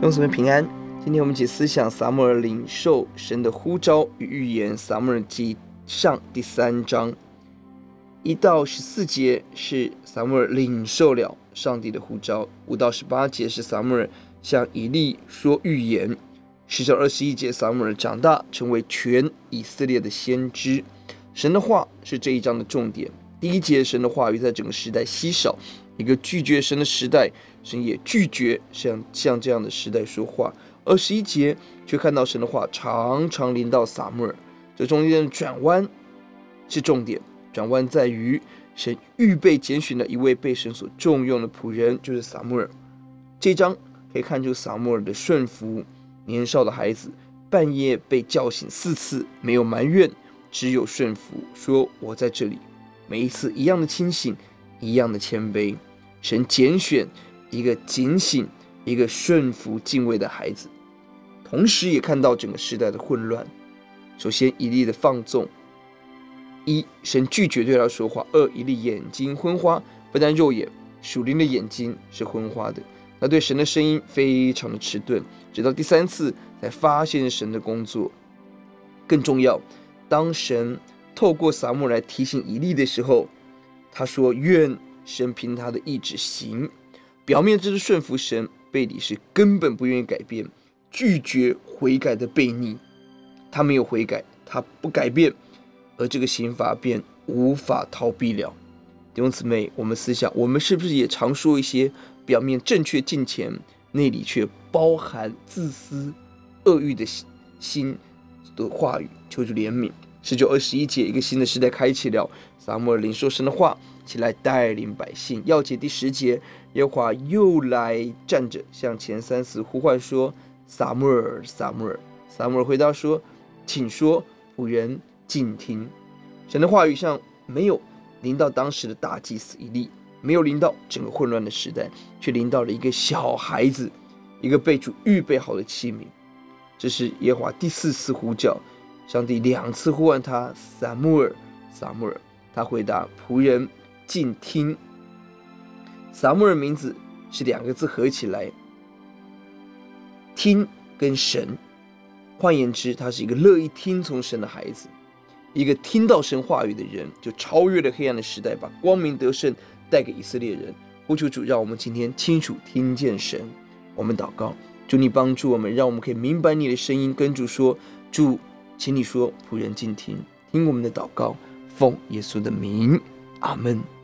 用什麼平安？今天我們一起思想撒母耳領受神的呼召與預言。撒母耳記上第三章一到十四節是撒母耳領受了上帝的呼召；五到十八節是撒母耳向以利說預言；十九、二十一節撒母耳長大，成為全以色列的先知。神的話是這一章的重點。第一節神的話語在整個時代稀少。一個拒絕神的時代，神也拒絕像像這樣的時代說話。而二十一節卻看到神的話常常臨到撒母耳，這中間的轉彎是重點。轉彎在於神預備揀選了一位被神所重用的僕人，就是撒母耳。這章可以看出撒母耳的順服，年少的孩子半夜被叫醒四次，沒有埋怨，只有順服，說我在這裡。每一次一樣的清醒，一樣的謙卑。神揀選一個警醒、一個順服、敬畏的孩子，同時也看到整個世代的混亂。首先，以利的放縱；一，神拒絕對他說話；二，以利眼睛昏花，不但肉眼，屬靈的眼睛是昏花的，那對神的聲音非常的遲鈍，直到第三次才發現神的工作更重要。當神透過撒母耳來提醒以利的時候，他說：“願。”神憑他的意旨行。表面這是順服神，背裡是根本不願意改變、拒絕悔改的悖逆。他沒有悔改，他不改變，而這個刑罰便無法逃避了。因此，我們思想，我們是不是也常說一些表面正確敬虔，內裡卻包含自私、惡慾的心的話語，求求憐憫？十九二十一節，一個新的時代開啟了。撒母耳領受神的話，起來帶領百姓。鑰節第十節，耶和華又來站着，像前三次呼喚說：“撒母耳，撒母耳。”撒母耳回答說：“請說，僕人敬聽。”神的話語像沒有臨到當時的大祭司以利，沒有臨到整個混亂的時代，卻臨到了一個小孩子，一個被主預備好的器皿。這是耶和華第四次呼叫。上帝兩次呼喚他，撒母耳。撒母耳他回答：“僕人敬聽。”撒母耳名字是兩個字合起來，聽跟神。換言之，他是一個樂意聽從神的孩子，一個聽到神話語的人，就超越了黑暗的時代，把光明得勝帶給以色列人。呼求主，讓我們今天清楚聽見神。我們禱告，主你幫助我們，讓我們可以明白你的聲音，跟主說，主。請你說，僕人敬聽，聽我們的禱告，奉耶穌的名，阿門。